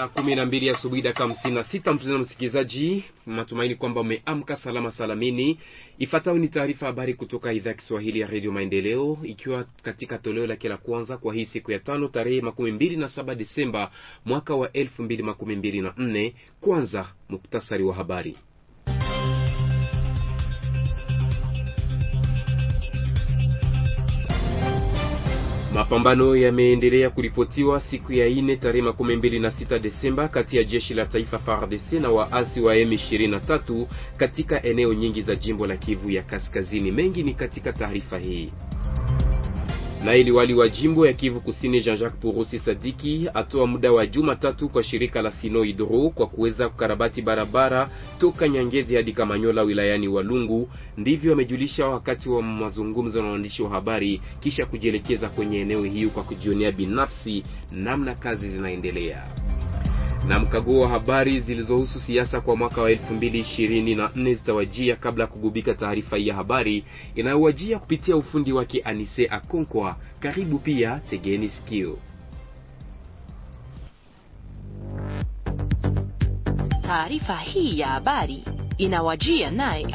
saa kumi na mbili asubuhi dakika hamsini na sita na msikilizaji, matumaini kwamba umeamka salama salamini. Ifuatayo ni taarifa habari kutoka idhaa ya Kiswahili ya Redio Maendeleo, ikiwa katika toleo lake la kwanza kwa hii siku ya tano tarehe makumi mbili na saba Desemba mwaka wa elfu mbili makumi mbili na nne. Kwanza muktasari wa habari. Mapambano yameendelea kuripotiwa siku ya ine tarehe makumi mbili na sita Desemba kati ya jeshi la taifa FARDC na waasi wa M23 katika eneo nyingi za jimbo la Kivu ya Kaskazini. Mengi ni katika taarifa hii. Naye liwali wa jimbo ya Kivu Kusini Jean-Jacques Purusi Sadiki atoa muda wa juma tatu kwa shirika la sino Hydro kwa kuweza kukarabati barabara toka Nyangezi hadi Kamanyola wilayani Walungu. Ndivyo amejulisha wakati wa mazungumzo na waandishi wa habari kisha kujielekeza kwenye eneo hiyo kwa kujionea binafsi namna kazi zinaendelea na mkaguo wa habari zilizohusu siasa kwa mwaka wa 2024 zitawajia kabla ya kugubika taarifa hii ya habari inayowajia kupitia ufundi wake Anise Akonkwa. Karibu pia, tegeni sikio. Taarifa hii ya habari inawajia naye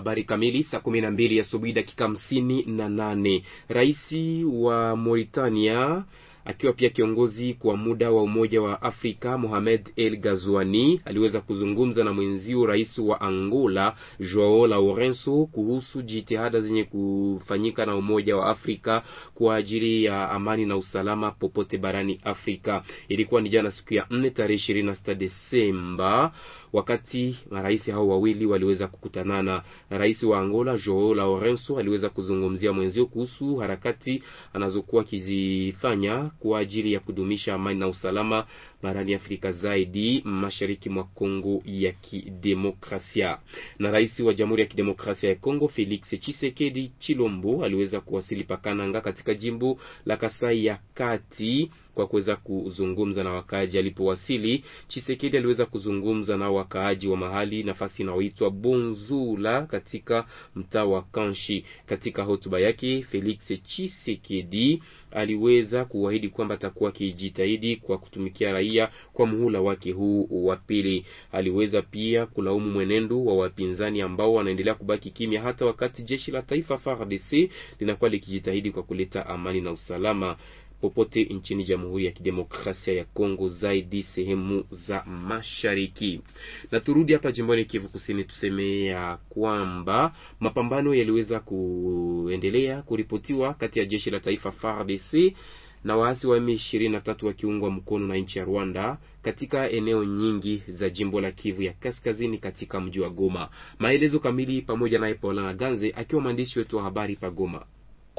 Habari kamili saa kumi na mbili asubuhi dakika hamsini na nane. Rais wa Mauritania akiwa pia kiongozi kwa muda wa Umoja wa Afrika Mohamed El Gazwani aliweza kuzungumza na mwenzio rais wa Angola Joao Lourenço kuhusu jitihada zenye kufanyika na Umoja wa Afrika kwa ajili ya amani na usalama popote barani Afrika. Ilikuwa ni jana siku ya nne tarehe ishirini na sita Desemba wakati marais hao wawili waliweza kukutanana. Rais wa Angola Joao Lourenço aliweza kuzungumzia mwenzio kuhusu harakati anazokuwa akizifanya kwa ajili ya kudumisha amani na usalama barani Afrika, zaidi mashariki mwa Kongo ya Kidemokrasia. Na rais wa Jamhuri ya Kidemokrasia ya Kongo Felix Tshisekedi Chilombo aliweza kuwasili Pakananga katika jimbo la Kasai ya Kati kwa kuweza kuzungumza na wakaaji. Alipowasili, Chisekedi aliweza kuzungumza na wakaaji wa mahali, nafasi inayoitwa Bonzula katika mtaa wa Kanshi. Katika hotuba yake Felix Chisekedi aliweza kuahidi kwamba atakuwa akijitahidi kwa kutumikia raia kwa muhula wake huu wa pili. Aliweza pia kulaumu mwenendo wa wapinzani ambao wanaendelea kubaki kimya hata wakati jeshi la taifa FARDC linakuwa likijitahidi kwa kuleta amani na usalama popote nchini Jamhuri ya Kidemokrasia ya Kongo, zaidi sehemu za mashariki. Na turudi hapa jimboni Kivu Kusini, tuseme ya kwamba mapambano yaliweza kuendelea kuripotiwa kati ya jeshi la taifa FARDC na waasi wa M23 wakiungwa mkono na nchi ya Rwanda katika eneo nyingi za jimbo la Kivu ya Kaskazini katika mji wa Goma. Maelezo kamili pamoja naye Paulana Ganze akiwa mwandishi wetu wa habari pa Goma.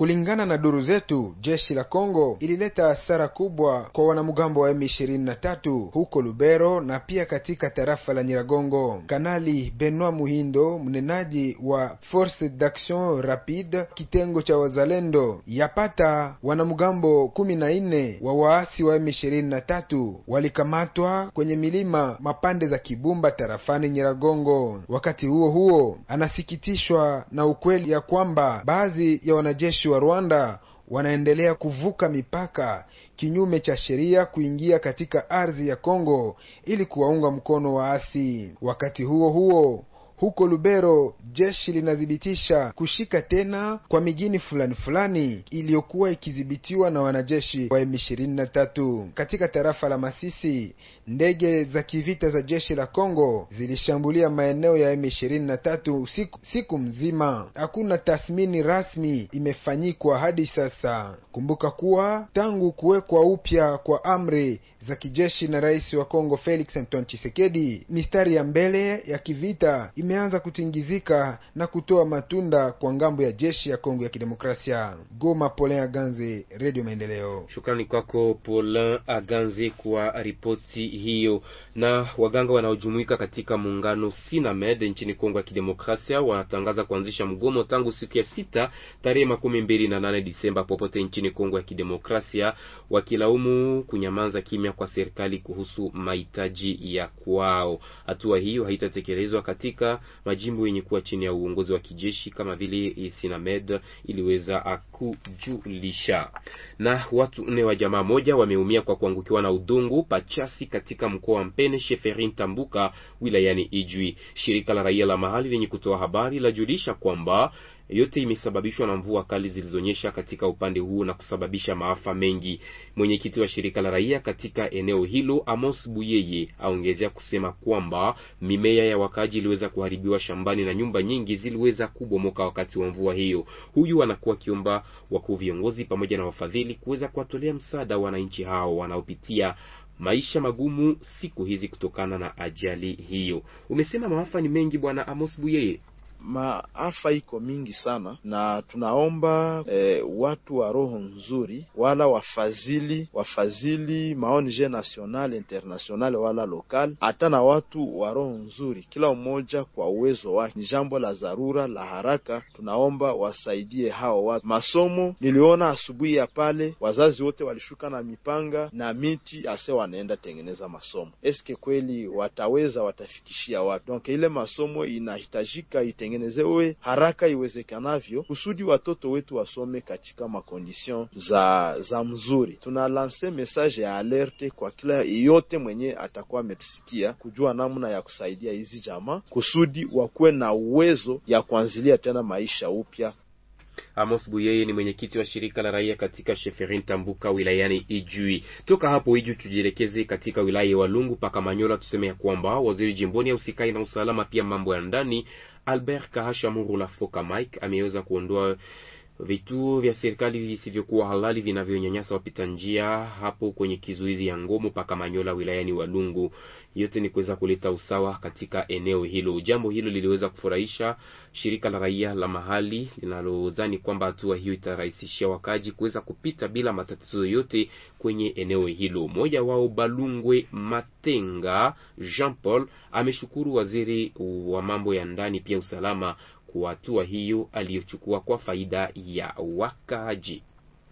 Kulingana na duru zetu, jeshi la Kongo ilileta hasara kubwa kwa wanamgambo wa M23 huko Lubero na pia katika tarafa la Nyiragongo. Kanali Benoit Muhindo, mnenaji wa Force d'Action Rapide kitengo cha wazalendo, yapata wanamgambo kumi na nne wa waasi wa M23 walikamatwa kwenye milima mapande za Kibumba tarafani Nyiragongo. Wakati huo huo, anasikitishwa na ukweli ya kwamba baadhi ya wanajeshi wa Rwanda wanaendelea kuvuka mipaka kinyume cha sheria kuingia katika ardhi ya Kongo ili kuwaunga mkono waasi. Wakati huo huo, huko Lubero jeshi linathibitisha kushika tena kwa migini fulani fulani iliyokuwa ikidhibitiwa na wanajeshi wa M23. Katika tarafa la Masisi ndege za kivita za jeshi la Kongo zilishambulia maeneo ya M23 siku, siku mzima. Hakuna tathmini rasmi imefanyikwa hadi sasa. Kumbuka kuwa tangu kuwekwa upya kwa amri za kijeshi na rais wa Kongo Felix Anton Chisekedi, mistari ya mbele ya kivita imeanza kutingizika na kutoa matunda kwa ngambo ya jeshi ya Kongo ya Kidemokrasia. Goma, Polin Aganze, redio Maendeleo. Shukrani kwako Polin Aganze kwa ripoti hiyo. Na waganga wanaojumuika katika muungano Sinamed nchini Kongo ya Kidemokrasia wanatangaza kuanzisha mgomo tangu siku ya sita tarehe makumi mbili na nane Disemba popote nchini Kongo ya Kidemokrasia, wakilaumu kunyamaza kimya kuhamia kwa serikali kuhusu mahitaji ya kwao. Hatua hiyo haitatekelezwa katika majimbo yenye kuwa chini ya uongozi wa kijeshi kama vile Sinamed iliweza kujulisha. Na watu nne wa jamaa moja wameumia kwa kuangukiwa na udongo pachasi katika mkoa wa Mpene Sheferin Tambuka wilayani Ijwi. Shirika la raia la mahali lenye kutoa habari lajulisha kwamba yote imesababishwa na mvua kali zilizonyesha katika upande huu na kusababisha maafa mengi. Mwenyekiti wa shirika la raia katika eneo hilo Amos Buyeye aongezea kusema kwamba mimea ya wakaji iliweza kuharibiwa shambani na nyumba nyingi ziliweza kubomoka wakati wa mvua hiyo. Huyu anakuwa akiomba wakuu viongozi pamoja na wafadhili kuweza kuwatolea msaada wananchi hao wanaopitia maisha magumu siku hizi kutokana na ajali hiyo. Umesema maafa ni mengi, bwana Amos Buyeye maafa iko mingi sana, na tunaomba e, watu wa roho nzuri wala wafadhili wafadhili maonje national international wala lokal, hata na watu wa roho nzuri, kila mmoja kwa uwezo wake. Ni jambo la dharura la haraka, tunaomba wasaidie hao watu. Masomo niliona asubuhi ya pale, wazazi wote walishuka na mipanga na miti, ase wanaenda tengeneza masomo. Eske kweli wataweza watafikishia watu? Donc ile masomo inahitajika ite itengenezewe haraka iwezekanavyo kusudi watoto wetu wasome katika makondision za za mzuri. Tunalanse message ya alerte kwa kila yote mwenye atakuwa ametusikia kujua namna ya kusaidia hizi jamaa kusudi wakuwe na uwezo ya kuanzilia tena maisha upya. Amos Buyeye ni mwenyekiti wa shirika la raia katika Sheferin Tambuka wilayani Ijui. Toka hapo Ijui tujielekeze katika wilaya ya Walungu paka Manyola, tuseme ya kwamba waziri jimboni ya usikai na usalama pia mambo ya ndani Albert Kahasha Murula Foka Mike ameweza kuondoa vituo vya serikali visivyokuwa halali vinavyonyanyasa wapita njia hapo kwenye kizuizi ya Ngomo paka Manyola wilayani Walungu. Yote ni kuweza kuleta usawa katika eneo hilo. Jambo hilo liliweza kufurahisha shirika la raia la mahali linalodhani kwamba hatua hiyo itarahisishia wakaji kuweza kupita bila matatizo yoyote kwenye eneo hilo. Mmoja wao Balungwe Matenga Jean Paul ameshukuru waziri wa mambo ya ndani pia usalama kwa hatua hiyo aliyochukua kwa faida ya wakaaji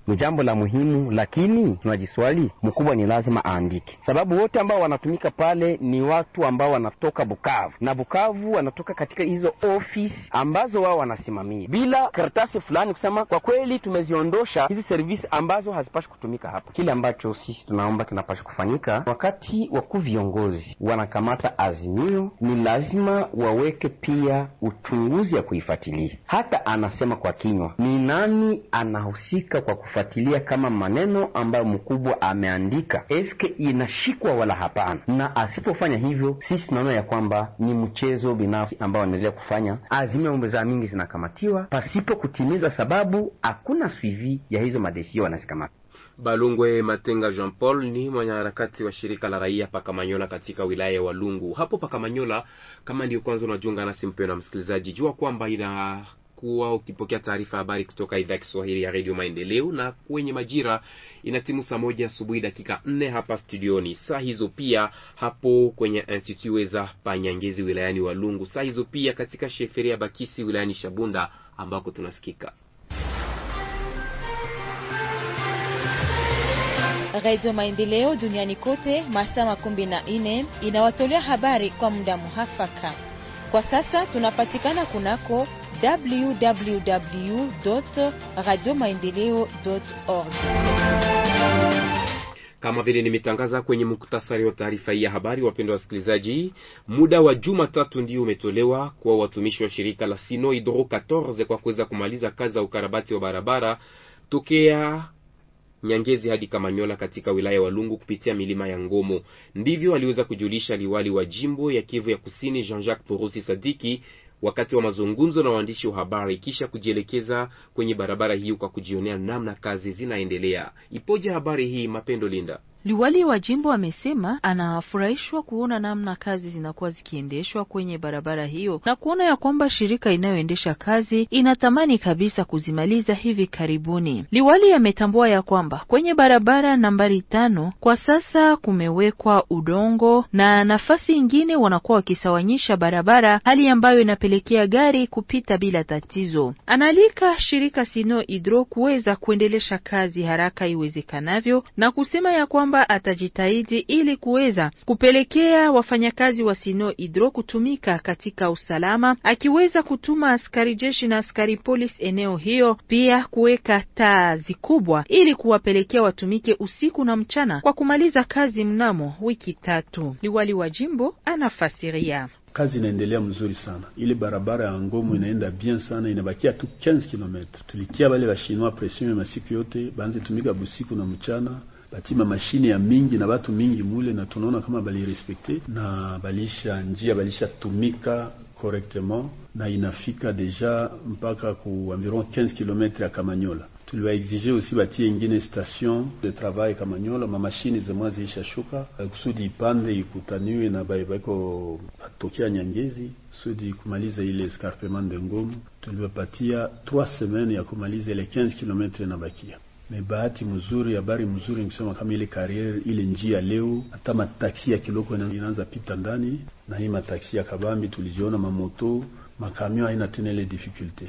ni jambo la muhimu, lakini tunajiswali mkubwa ni lazima aandike, sababu wote ambao wanatumika pale ni watu ambao wanatoka Bukavu na Bukavu wanatoka katika hizo ofisi ambazo wao wanasimamia, bila karatasi fulani kusema kwa kweli tumeziondosha hizi servisi ambazo hazipashi kutumika hapa. Kile ambacho sisi tunaomba kinapasha kufanyika wakati wakuu viongozi wanakamata azimio, ni lazima waweke pia uchunguzi ya kuifuatilia. Hata anasema kwa kinywa, ni nani anahusika kwa kufa kufuatilia kama maneno ambayo mkubwa ameandika eske inashikwa wala hapana, na asipofanya hivyo, sisi tunaona ya kwamba ni mchezo binafsi ambao anaendelea kufanya. Azimia ombe za mingi zinakamatiwa pasipo kutimiza sababu, hakuna swivi ya hizo madesio wanazikamata. Balungwe Matenga Jean Paul ni mwanaharakati wa shirika la raia Pakamanyola katika wilaya ya Walungu hapo Pakamanyola. Kama ndiyo kwanza unajiunga nasi, mpendwa msikilizaji, jua kwamba ina kuwa ukipokea taarifa habari kutoka idhaa ya Kiswahili ya Radio Maendeleo, na kwenye majira inatimu saa moja asubuhi dakika nne hapa studioni. Saa hizo pia hapo kwenye instituwe za Panyangezi wilayani Walungu, saa hizo pia katika sheferia Bakisi wilayani Shabunda ambako tunasikika Radio Maendeleo duniani kote masaa makumi na nne inawatolea habari kwa muda muhafaka. Kwa sasa tunapatikana kunako www.radiomaendeleo.org. Kama vile nimetangaza kwenye muktasari wa taarifa hii ya habari, wapendwa wasikilizaji, muda wa juma tatu ndio umetolewa kwa watumishi wa shirika la Sino Hydro 14 kwa kuweza kumaliza kazi za ukarabati wa barabara tokea Nyangezi hadi Kamanyola katika wilaya wa lungu kupitia milima ya Ngomo. Ndivyo aliweza kujulisha liwali wa jimbo ya Kivu ya Kusini Jean-Jacques Porusi Sadiki wakati wa mazungumzo na waandishi wa habari kisha kujielekeza kwenye barabara hiyo kwa kujionea namna kazi zinaendelea. Ipoje habari hii, Mapendo Linda? Liwali wa jimbo amesema anafurahishwa kuona namna kazi zinakuwa zikiendeshwa kwenye barabara hiyo na kuona ya kwamba shirika inayoendesha kazi inatamani kabisa kuzimaliza hivi karibuni. Liwali ametambua ya kwamba kwenye barabara nambari tano kwa sasa kumewekwa udongo na nafasi ingine wanakuwa wakisawanyisha barabara, hali ambayo inapelekea gari kupita bila tatizo. Anaalika shirika Sino Hydro kuweza kuendelesha kazi haraka iwezekanavyo na kusema ya kwamba kwamba atajitahidi ili kuweza kupelekea wafanyakazi wa Sino hidro kutumika katika usalama, akiweza kutuma askari jeshi na askari polisi eneo hiyo, pia kuweka taa zikubwa ili kuwapelekea watumike usiku na mchana kwa kumaliza kazi mnamo wiki tatu. Liwali wa jimbo anafasiria. Kazi inaendelea mzuri sana, ile barabara ya Ngomo inaenda bien sana, inabakia tu 15 km. Tulitia wale washinoa pression ya masiku yote, banze tumika busiku na mchana batima mashine ya mingi na batu mingi mule, na tunaona kama balirespekte na balisha njia balisha tumika correctement, na inafika deja mpaka ku environ 15 km ya Kamanyola. Tuliwaexige aussi batie ingine station de travail Kamanyola, mamashini zemwa shuka eh, kusudi ipande ikutaniwe na baibako batokea Nyangezi kusudi kumaliza ile escarpement de Ngomo. Tuliwapatia 3 semaines ya kumaliza ile 15 km na bakia mebahati mzuri, habari mzuri nikisema kama ile kariere ile njia leo, hata mataksi ya kiloko inaanza pita ndani na hii mataksi ya kabambi tulijiona, mamoto makamio haina tena ile difficulty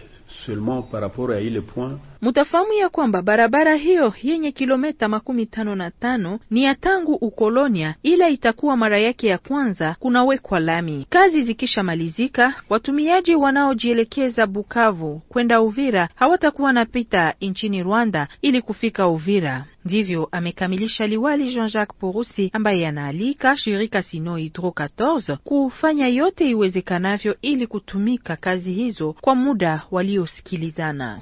Mutafahamu ya kwamba barabara hiyo yenye kilometa makumi tano na tano ni ya tangu ukolonia, ila itakuwa mara yake ya kwanza kunawekwa lami. Kazi zikishamalizika, watumiaji wanaojielekeza Bukavu kwenda Uvira hawatakuwa na pita nchini Rwanda ili kufika Uvira. Ndivyo amekamilisha liwali Jean-Jacques Porusi, ambaye anaalika shirika Sino Hydro 14 kufanya yote iwezekanavyo ili kutumika kazi hizo kwa muda walio waliosikilizana.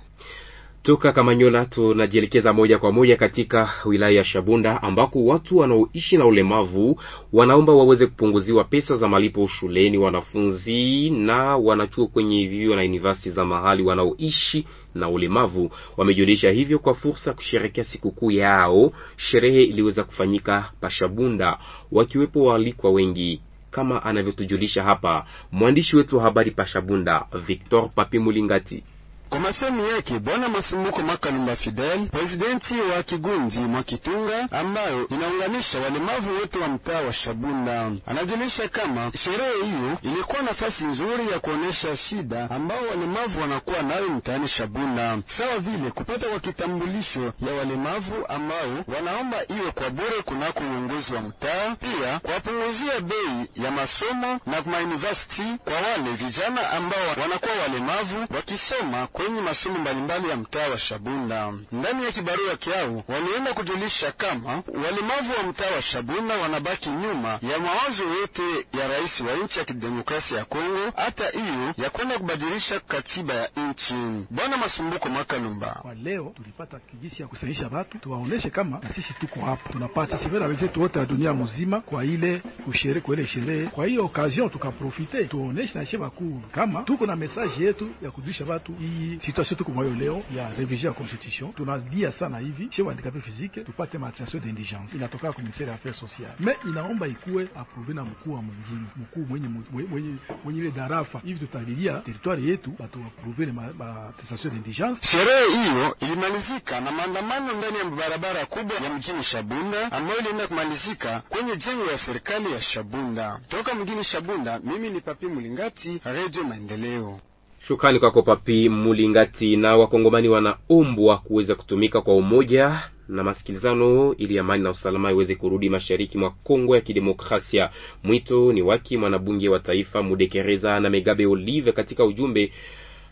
Toka Kamanyola tunajielekeza moja kwa moja katika wilaya ya Shabunda ambako watu wanaoishi na ulemavu wanaomba waweze kupunguziwa pesa za malipo shuleni. Wanafunzi na wanachuo kwenye vyuo na university za mahali wanaoishi na ulemavu wamejulisha hivyo kwa fursa kusherekea sikukuu yao. Sherehe iliweza kufanyika Pashabunda, wakiwepo waalikwa wengi kama anavyotujulisha hapa mwandishi wetu wa habari Pashabunda Victor Papi Mulingati. Kwa masemi yake Bwana Masumbuko Makalumba Fidel, presidenti wa kigundi mwa Kitunga ambayo inaunganisha walemavu wote wa mtaa wa Shabunda, anajulisha kama sherehe hiyo ilikuwa nafasi nzuri ya kuonesha shida ambao walemavu wanakuwa nayo mtaani Shabunda, sawa vile kupata kwa kitambulisho ya walemavu ambao wanaomba iwe kwa bure kunako uongozi wa mtaa, pia kuwapunguzia bei ya masomo na mauniversity kwa wale vijana ambao wanakuwa walemavu wakisoma kwenye masomo mbalimbali ya mtaa wa Shabunda. Ndani ya kibarua kyao walienda kujulisha kama walemavu wa mtaa wa Shabunda wanabaki nyuma ya mawazo yote ya rais wa nchi ya kidemokrasia ya Kongo, hata hiyo ya kwenda kubadilisha katiba ya nchi. Bwana Masumbuko Makalumba: kwa leo tulipata kijisi ya kusanisha watu, tuwaoneshe kama na sisi tuko hapa, tunapata sivera wenzetu wote wa dunia mzima kwa ile kushere, kwa ile sherehe. Kwa hiyo okazion tukaprofite, tuoneshe na sheba kuu kama tuko na mesaje yetu ya kujulisha watu hii hii situation tuko mwayo leo ya revision ya constitution, tunalia sana hivi sio wandikape fizike tupate maatensio de indigence inatoka kwa ministeri ya affaires sociale, me inaomba ikuwe aprouve na mkuu wa mwingine mkuu mwenye mwenye mwenye ile darafa hivi, tutalilia teritwari yetu batu aprouve le maatensio de indigence. Sherehe hiyo ilimalizika na maandamano ndani ya barabara kubwa ya mjini Shabunda ambayo ilienda kumalizika kwenye jengo ya serikali ya Shabunda. Toka mjini Shabunda, mimi ni Papi Mulingati, Radio Maendeleo. Shukrani kwako Papi Mulingati. Na wakongomani wanaombwa kuweza kutumika kwa umoja na masikilizano ili amani na usalama iweze kurudi mashariki mwa Kongo ya Kidemokrasia. Mwito ni waki mwanabunge wa taifa Mudekereza na Megabe Olive katika ujumbe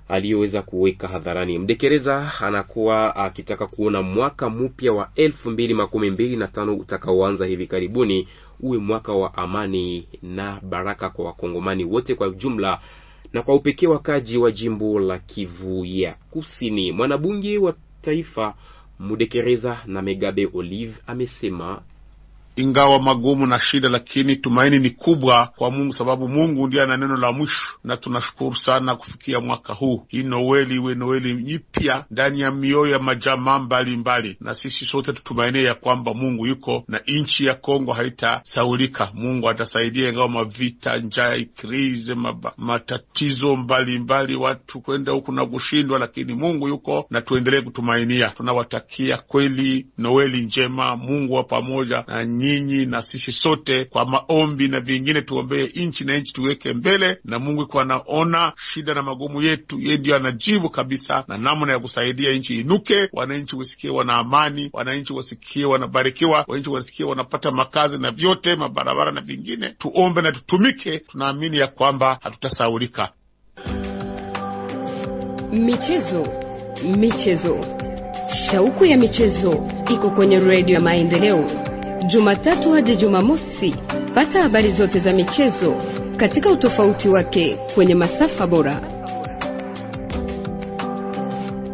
aliyoweza kuweka hadharani. Mdekereza anakuwa akitaka kuona mwaka mpya wa elfu mbili makumi mbili na tano utakaoanza hivi karibuni uwe mwaka wa amani na baraka kwa wakongomani wote kwa jumla na kwa upekee wakaji wa jimbo la Kivu ya Kusini. Mwanabunge wa taifa Mudekereza na Megabe Olive amesema ingawa magumu na shida, lakini tumaini ni kubwa kwa Mungu sababu Mungu ndiye ana neno la mwisho, na tunashukuru sana kufikia mwaka huu, hii Noeli iwe Noeli mpya ndani ya mioyo ya majamaa mbalimbali, na sisi sote tutumainie ya kwamba Mungu yuko na nchi ya Kongo haitasaulika. Mungu atasaidia, ingawa mavita, njaa, krize, matatizo mbalimbali mbali, watu kwenda huku na kushindwa, lakini Mungu yuko na tuendelee kutumainia. Tunawatakia kweli Noeli njema, Mungu wa pamoja na nyinyi na sisi sote kwa maombi na vingine, tuombee nchi na nchi tuweke mbele, na Mungu kwa anaona shida na magumu yetu, yeye ndiyo anajibu kabisa na namna ya kusaidia nchi inuke, wananchi wasikie wana amani, wananchi wasikie wanabarikiwa, wananchi wasikie wanapata makazi na vyote, mabarabara na vingine. Tuombe na tutumike, tunaamini ya kwamba hatutasaulika. Michezo, michezo, shauku ya michezo iko kwenye redio ya Maendeleo. Jumatatu hadi Jumamosi, pata habari zote za michezo katika utofauti wake kwenye masafa bora.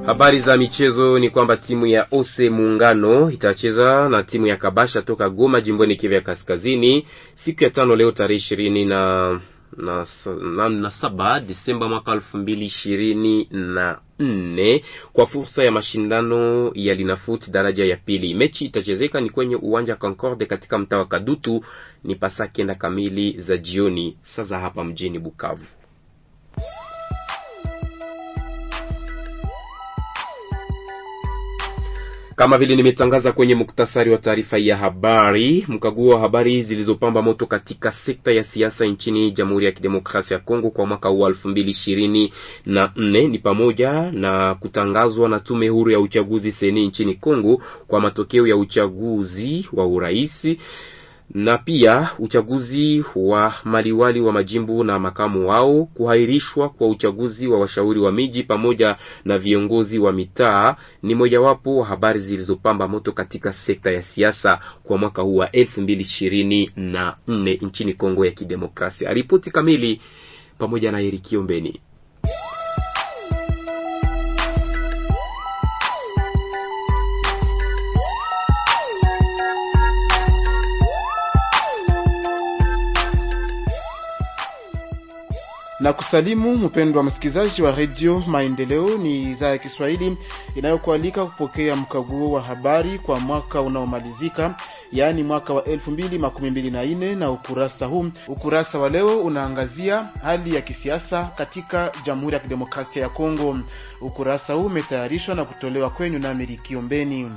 Habari za michezo ni kwamba timu ya Ose Muungano itacheza na timu ya Kabasha toka Goma, jimboni Kivu ya Kaskazini, siku ya tano leo tarehe ishirini na na, na, na saba Disemba mwaka elfu mbili ishirini na nne kwa fursa ya mashindano ya linafuti daraja ya pili. Mechi itachezeka ni kwenye uwanja Concorde katika mtaa wa Kadutu, ni pasa kenda kamili za jioni saza hapa mjini Bukavu. Kama vile nimetangaza kwenye muktasari wa taarifa ya habari, mkaguo wa habari zilizopamba moto katika sekta ya siasa nchini Jamhuri ya Kidemokrasia ya Kongo kwa mwaka wa elfu mbili ishirini na nne ni pamoja na kutangazwa na tume huru ya uchaguzi seni nchini Kongo kwa matokeo ya uchaguzi wa uraisi na pia uchaguzi wa maliwali wa majimbo na makamu wao, kuhairishwa kwa uchaguzi wa washauri wa miji pamoja na viongozi wa mitaa ni mojawapo wa habari zilizopamba moto katika sekta ya siasa kwa mwaka huu wa 2024 nchini Kongo ya Kidemokrasia. Ripoti kamili pamoja na Erikio Mbeni. na kusalimu mpendwa msikilizaji wa redio Maendeleo. Ni idhaa ya Kiswahili inayokualika kupokea mkaguo wa habari kwa mwaka unaomalizika, yaani mwaka wa elfu mbili na nne na ukurasa huu, ukurasa wa leo unaangazia hali ya kisiasa katika Jamhuri ya Kidemokrasia ya Kongo. Ukurasa huu umetayarishwa na kutolewa kwenyu nami mbeni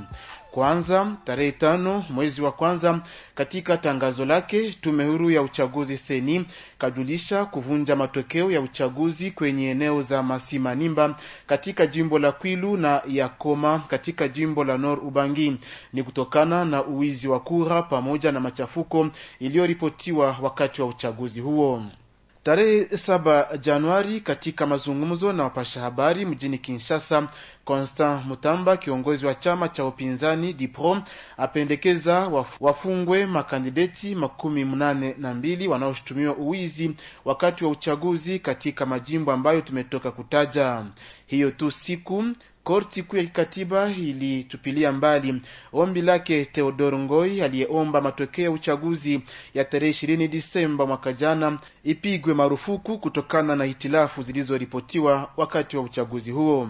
kwanza tarehe tano mwezi wa kwanza. Katika tangazo lake, tume huru ya uchaguzi seni kajulisha kuvunja matokeo ya uchaguzi kwenye eneo za Masimanimba katika jimbo la Kwilu na Yakoma katika jimbo la Nor Ubangi ni kutokana na uwizi wa kura pamoja na machafuko iliyoripotiwa wakati wa uchaguzi huo. Tarehe saba Januari, katika mazungumzo na wapasha habari mjini Kinshasa, Constant Mutamba, kiongozi wa chama cha upinzani DIPRO, apendekeza wafungwe makandideti makumi mnane na mbili wanaoshutumiwa uwizi wakati wa uchaguzi katika majimbo ambayo tumetoka kutaja. Hiyo tu siku Korti kuu ya kikatiba ilitupilia mbali ombi lake Theodor Ngoi aliyeomba matokeo ya uchaguzi ya tarehe ishirini Disemba mwaka jana ipigwe marufuku kutokana na hitilafu zilizoripotiwa wakati wa uchaguzi huo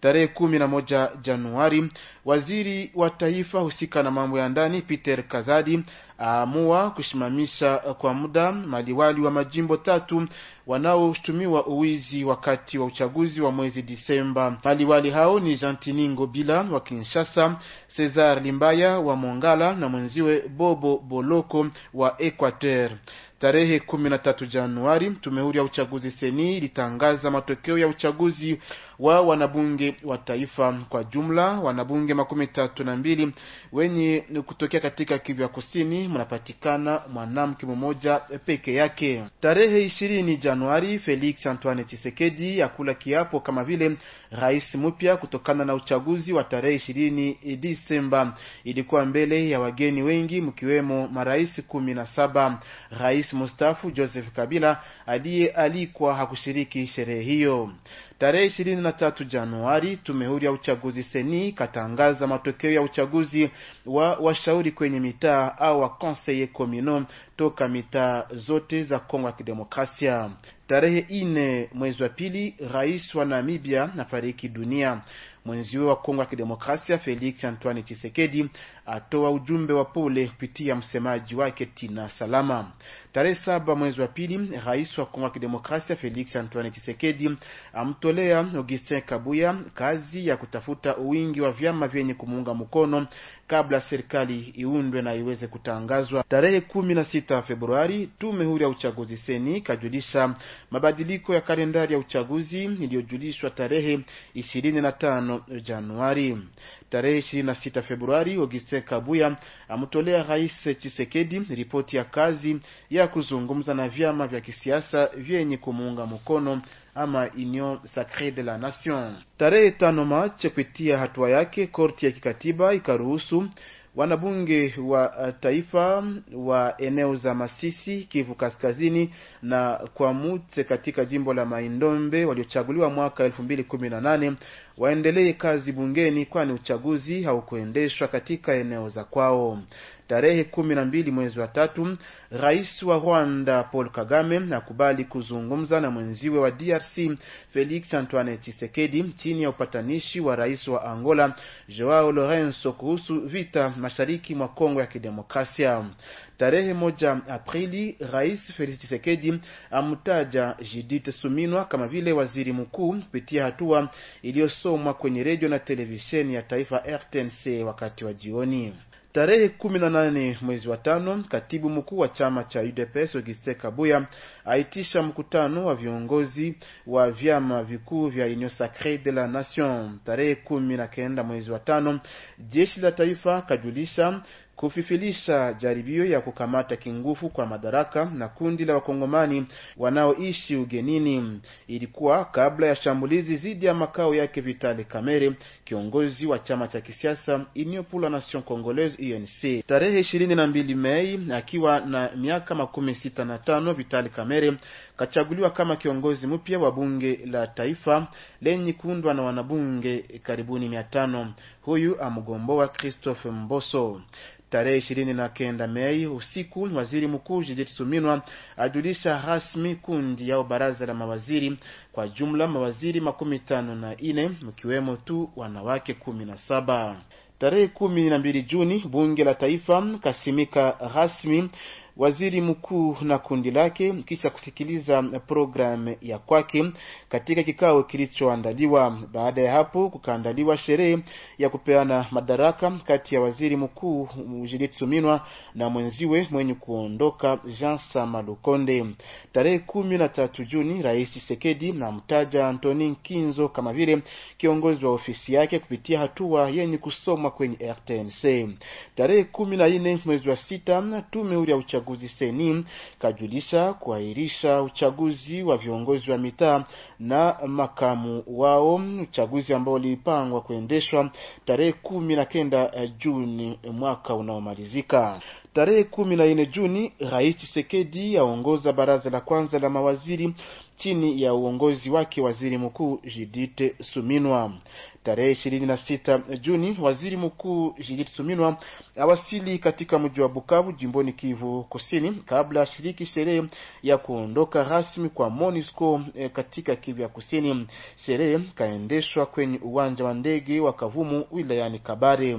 tarehe kumi na moja Januari. Waziri wa taifa husika na mambo ya ndani Peter Kazadi aamua kusimamisha kwa muda maliwali wa majimbo tatu wanaoshutumiwa uwizi wakati wa uchaguzi wa mwezi Disemba. Maliwali hao ni Jantini Ngobila wa Kinshasa, Cesar Limbaya wa Mongala na mwenziwe Bobo Boloko wa Equateur. Tarehe kumi Januari tume huru ya uchaguzi seni ilitangaza matokeo ya uchaguzi wa wanabunge wa taifa. Kwa jumla wanabunge makumi tatu na mbili wenye kutokea katika Kivu ya Kusini mnapatikana mwanamke mmoja peke yake. Tarehe ishirini Januari Felix Antoine Tshisekedi akula kiapo kama vile rais mpya kutokana na uchaguzi wa tarehe ishirini Disemba. Ilikuwa mbele ya wageni wengi mkiwemo marais kumi na saba rais rais mustafu Joseph Kabila aliyealikwa hakushiriki sherehe hiyo. Tarehe ishirini na tatu Januari, tume huru ya uchaguzi seni katangaza matokeo ya uchaguzi wa washauri kwenye mitaa au wa conseiller communal toka mitaa zote za Kongo ya Kidemokrasia. Tarehe ine mwezi wa pili, rais wa Namibia nafariki dunia mwenziwe wa Kongo ya Kidemokrasia Felix Antoine Chisekedi atoa ujumbe wa pole kupitia msemaji wake Tina Salama. Tarehe saba mwezi wa pili, rais wa Kongo ya Kidemokrasia Felix Antoine Chisekedi amtolea Augustin Kabuya kazi ya kutafuta uwingi wa vyama vyenye kumuunga mkono kabla serikali iundwe na iweze kutangazwa tarehe kumi na sita Februari. Tume huru ya uchaguzi seni kajulisha mabadiliko ya kalendari ya uchaguzi iliyojulishwa tarehe ishirini na tano Januari tarehe 26 Februari, Augustin Kabuya amtolea Rais Chisekedi ripoti ya kazi ya kuzungumza na vyama vya kisiasa vyenye kumuunga mkono ama Union Sacrée de la Nation. Tarehe 5 Machi, kupitia hatua yake korti ya kikatiba ikaruhusu Wanabunge wa eh, taifa wa eneo za Masisi, Kivu Kaskazini na Kwamutse katika jimbo la Maindombe waliochaguliwa mwaka 2018 waendelee kazi bungeni, kwani uchaguzi haukuendeshwa katika eneo za kwao. Tarehe kumi na mbili mwezi wa tatu, rais wa Rwanda Paul Kagame akubali kuzungumza na mwenziwe wa DRC Felix Antoine chisekedi chini ya upatanishi wa rais wa Angola Joao Lorenzo kuhusu vita mashariki mwa Kongo ya Kidemokrasia. Tarehe moja Aprili, rais Felix chisekedi amtaja Judith Suminwa kama vile waziri mkuu kupitia hatua iliyosomwa kwenye redio na televisheni ya taifa RTNC wakati wa jioni. Tarehe 18 mwezi wa tano, katibu mkuu wa chama cha UDPS Augustin Kabuya aitisha mkutano wa viongozi wa vyama vikuu vya Union Sacree de la Nation. Tarehe kumi na kenda mwezi wa tano, jeshi la taifa kajulisha kufifilisha jaribio ya kukamata kingufu kwa madaraka na kundi la wakongomani wanaoishi ugenini. Ilikuwa kabla ya shambulizi dhidi ya makao yake Vitali Kamere, kiongozi wa chama cha kisiasa Union pour la Nation Congolaise UNC. Tarehe ishirini na mbili Mei, akiwa na miaka makumi sita na tano, Vitali Kamere kachaguliwa kama kiongozi mpya wa bunge la taifa lenye kuundwa na wanabunge karibuni mia tano. Huyu amgomboa Christophe Mboso. Tarehe ishirini na kenda Mei usiku, waziri mkuu Judith Suminwa ajulisha rasmi kundi yao baraza la mawaziri, kwa jumla mawaziri makumi tano na nne mkiwemo tu wanawake kumi na saba. Tarehe kumi na mbili Juni bunge la taifa kasimika rasmi waziri mkuu na kundi lake kisha kusikiliza programu ya kwake katika kikao kilichoandaliwa. Baada ya hapo, kukaandaliwa sherehe ya kupeana madaraka kati ya waziri mkuu Juliet na mwenziwe mwenye kuondoka Jean Sama Lukonde. Tarehe kumi na tatu Juni, Rais Sekedi na mtaja Antonin Kinzo kama vile kiongozi wa ofisi yake kupitia hatua yenye kusomwa kwenye RTNC. Tarehe kumi na nne mwezi wa sita tume huru ya uchaguzi uchaguzi seni kajulisha kuahirisha uchaguzi wa viongozi wa mitaa na makamu wao, uchaguzi ambao ulipangwa kuendeshwa tarehe kumi na kenda eh, Juni mwaka unaomalizika. Tarehe kumi na nne Juni, Rais chisekedi aongoza baraza la kwanza la mawaziri chini ya uongozi wake waziri mkuu jidite Suminwa. Tarehe ishirini na sita Juni, waziri mkuu Judith Suminwa awasili katika mji wa Bukavu jimboni Kivu Kusini kabla shiriki sherehe ya kuondoka rasmi kwa MONUSCO eh, katika Kivu ya Kusini. Sherehe kaendeshwa kwenye uwanja wa ndege wa Kavumu wilayani Kabare.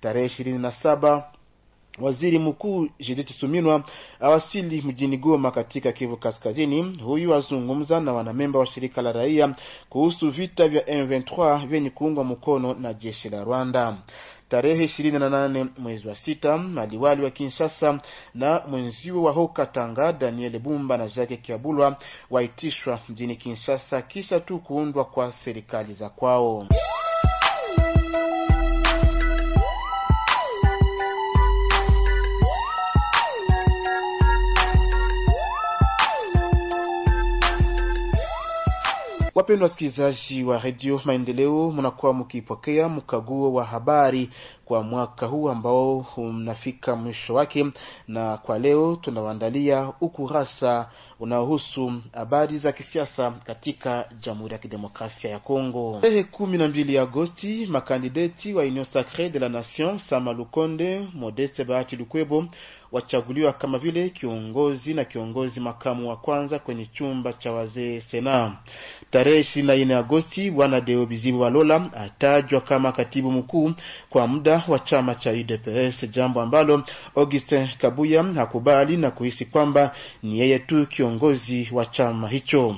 Tarehe ishirini na saba Waziri Mkuu Judith Suminwa awasili mjini Goma katika Kivu Kaskazini. Huyu azungumza na wanamemba wa shirika la raia kuhusu vita vya M23 vyenye kuungwa mkono na jeshi la Rwanda. Tarehe 28 mwezi wa sita, maliwali wa Kinshasa na mwenziwe wa Hoka Tanga Daniel Bumba na Jake Kiabulwa waitishwa mjini Kinshasa kisha tu kuundwa kwa serikali za kwao. Wapendwa wasikilizaji wa redio Maendeleo, mnakuwa mkipokea mkaguo wa habari kwa mwaka huu ambao unafika mwisho wake, na kwa leo tunawaandalia ukurasa unaohusu habari za kisiasa katika Jamhuri ya Kidemokrasia ya Kongo. Tarehe kumi na mbili Agosti, makandideti wa Union Sacre de la Nation Sama Lukonde, Modeste Bahati Lukwebo wachaguliwa kama vile kiongozi na kiongozi makamu wa kwanza kwenye chumba cha wazee Sena. Tarehe 24 Agosti, Bwana Deo Bizibu Walola atajwa kama katibu mkuu kwa muda wa chama cha UDPS, jambo ambalo Augustin Kabuya hakubali na kuhisi kwamba ni yeye tu kiongozi wa chama hicho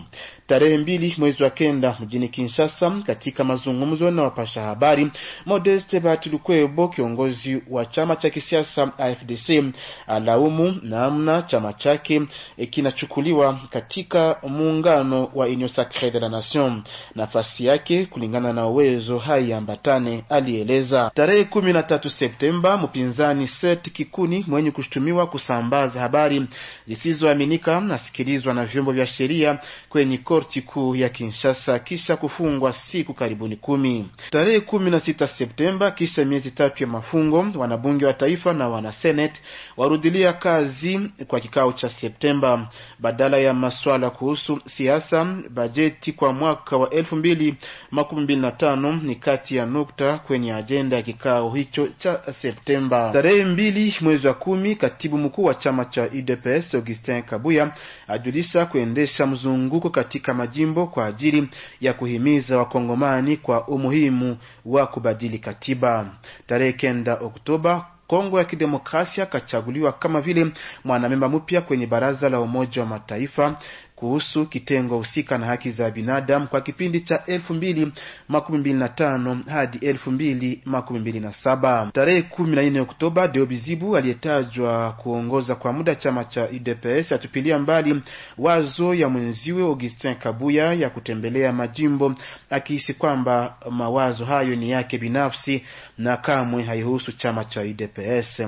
tarehe mbili mwezi wa kenda mjini Kinshasa. Katika mazungumzo na wapasha habari, Modeste Bahatilukwebo, kiongozi wa chama cha kisiasa AFDC, alaumu namna chama chake eh, kinachukuliwa katika muungano wa Union Sacre de la Nation, nafasi yake kulingana na uwezo haiambatane, alieleza. Tarehe kumi na tatu Septemba, mpinzani Seth Kikuni mwenye kushutumiwa kusambaza habari zisizoaminika nasikilizwa na vyombo vya sheria kwenye korti kuu ya Kinshasa kisha kufungwa siku karibuni kumi. Tarehe kumi na sita Septemba, kisha miezi tatu ya mafungo, wanabunge wa taifa na wanaseneti warudilia kazi kwa kikao cha Septemba. Badala ya maswala kuhusu siasa, bajeti kwa mwaka wa elfu mbili makumi mbili na tano ni kati ya nukta kwenye ajenda ya kikao hicho cha Septemba. Tarehe mbili mwezi wa kumi, katibu mkuu wa chama cha UDPS Augustin Kabuya ajulisha kuendesha mzunguko katika katika majimbo kwa ajili ya kuhimiza wakongomani kwa umuhimu wa kubadili katiba. Tarehe kenda Oktoba Kongo ya Kidemokrasia akachaguliwa kama vile mwanamemba mpya kwenye Baraza la Umoja wa Mataifa kuhusu kitengo husika na haki za binadamu kwa kipindi cha 2025 hadi 2027. Tarehe 14 Oktoba, Deobizibu aliyetajwa kuongoza kwa muda chama cha UDPS atupilia mbali wazo ya mwenziwe Augustin Kabuya ya kutembelea majimbo akihisi kwamba mawazo hayo ni yake binafsi na kamwe haihusu chama cha UDPS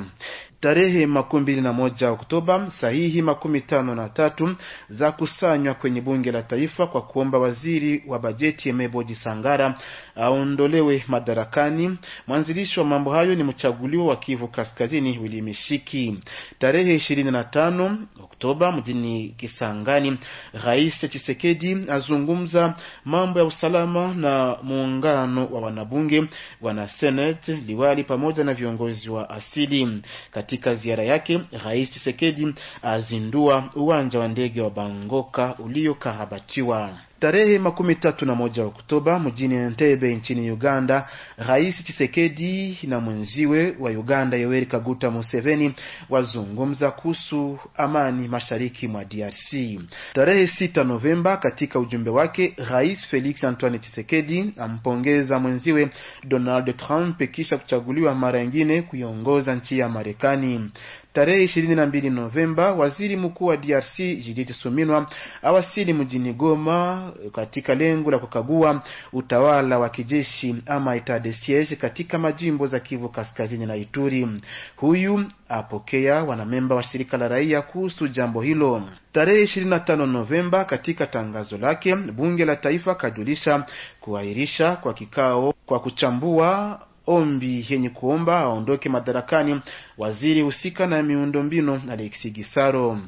tarehe makumi mbili na moja Oktoba, sahihi makumi tano na tatu za kusanywa kwenye bunge la taifa kwa kuomba waziri wa bajeti Emeboji Sangara aondolewe madarakani. Mwanzilishi wa mambo hayo ni mchaguliwa wa Kivu Kaskazini Willy Mishiki. Tarehe tano Oktoba mjini Kisangani, Rais chisekedi azungumza mambo ya usalama na muungano wa wanabunge, wana senate, liwali pamoja na viongozi wa asili Kati katika ziara yake, Rais chisekedi azindua uwanja wa ndege wa Bangoka uliokarabatiwa. Tarehe makumi tatu na moja Oktoba mjini Entebe nchini Uganda, Rais chisekedi na mwenziwe wa Uganda Yoweri Kaguta Museveni wazungumza kuhusu amani mashariki mwa DRC. Tarehe sita Novemba, katika ujumbe wake, Rais Felix Antoine chisekedi ampongeza mwenziwe Donald Trump kisha kuchaguliwa mara nyingine kuiongoza nchi ya Marekani. Tarehe ishirini na mbili Novemba, waziri mkuu wa DRC Judith Suminwa awasili mjini Goma eh, katika lengo la kukagua utawala wa kijeshi ama etat de siege katika majimbo za Kivu Kaskazini na Ituri. Huyu apokea wanamemba wa shirika la raia kuhusu jambo hilo. Tarehe 25 Novemba, katika tangazo lake, bunge la taifa kajulisha kuahirisha kwa kikao kwa kuchambua ombi yenye kuomba aondoke madarakani waziri husika na miundombinu Alexi Gisaro.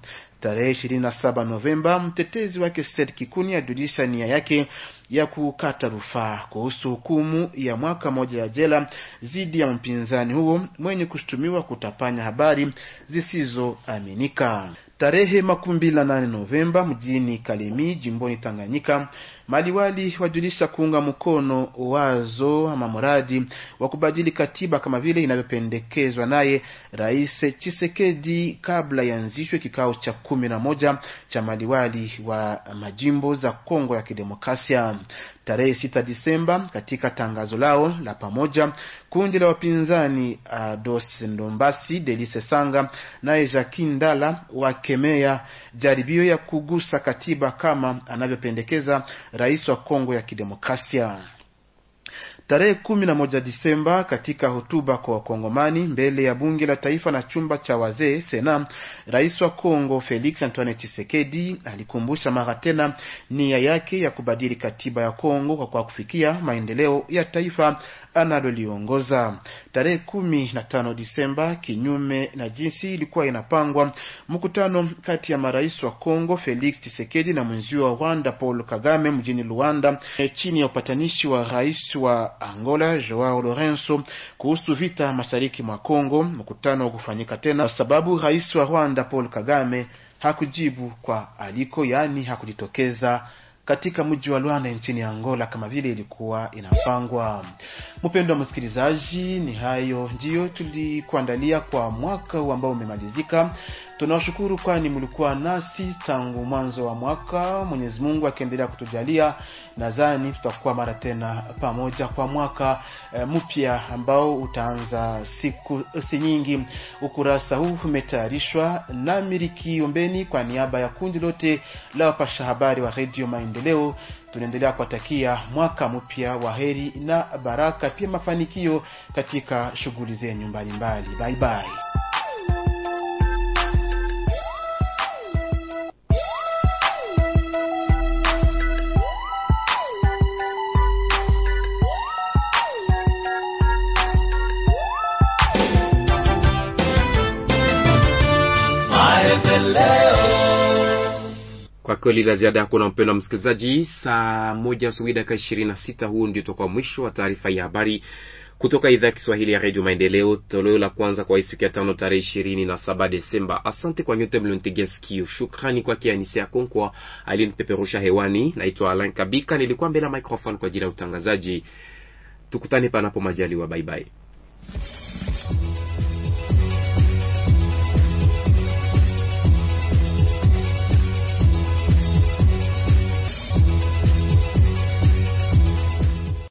Tarehe 27 Novemba, mtetezi wake Seth Kikuni ajulisha nia yake ya kukata rufaa kuhusu hukumu ya mwaka moja ya jela dhidi ya mpinzani huo mwenye kushutumiwa kutapanya habari zisizoaminika. Tarehe makumi mbili na nane Novemba mjini Kalemi jimboni Tanganyika, maliwali wajulisha kuunga mkono wazo ama mradi wa kubadili katiba kama vile inavyopendekezwa naye Rais Chisekedi, kabla yaanzishwe kikao cha kumi na moja cha maliwali wa majimbo za Kongo ya Kidemokrasia. Tarehe sita Disemba, katika tangazo lao la pamoja, kundi la wapinzani Ados uh, Ndombasi, Delice Sanga naye Jacques Ndala wakemea jaribio ya kugusa katiba kama anavyopendekeza rais wa Kongo ya Kidemokrasia tarehe kumi na moja Disemba katika hotuba kwa Wakongomani mbele ya bunge la taifa na chumba cha wazee Sena, rais wa Kongo Felix Antoine Tshisekedi alikumbusha mara tena nia yake ya kubadili katiba ya Kongo kwa kufikia maendeleo ya taifa analoliongoza. Tarehe kumi na tano Disemba, kinyume na jinsi ilikuwa inapangwa, mkutano kati ya marais wa Kongo Felix Tshisekedi na mwenzio wa Rwanda Paul Kagame mjini Luanda eh, chini ya upatanishi wa rais wa Angola Joao Lorenzo kuhusu vita mashariki mwa Kongo, mkutano wa kufanyika tena kwa sababu rais wa Rwanda Paul Kagame hakujibu kwa aliko, yaani hakujitokeza katika mji wa Luanda nchini Angola kama vile ilikuwa inapangwa. wa msikilizaji, ni hayo ndiyo tulikuandalia kwa mwaka huu ambao umemalizika. Tunawashukuru kwani mlikuwa nasi tangu mwanzo wa mwaka. Mwenyezi Mungu akiendelea kutujalia, nadhani tutakuwa mara tena pamoja kwa mwaka e, mpya ambao utaanza siku si nyingi. Ukurasa huu umetayarishwa na miriki Ombeni kwa niaba ya kundi lote la wapasha habari wa Redio Maendeleo. Tunaendelea kuwatakia mwaka mpya wa heri na baraka, pia mafanikio katika shughuli zenyu mbalimbali. Bye bye. Kwa kweli la ziada hakuna, mpendo wa msikilizaji. Saa moja asubuhi dakika ishirini na sita, huu ndio toka mwisho wa taarifa ya habari kutoka idhaa ya Kiswahili ya redio Maendeleo, toleo la kwanza kwa siku ya tano tarehe ishirini na saba Desemba. Asante kwa nyote mlionitegea sikio. Shukrani kwake Anisia Konkwa alinipeperusha hewani. Naitwa Alan Kabika, nilikuwa mbele ya microphone kwa ajili ya utangazaji. Tukutane panapo majaliwa, baibai.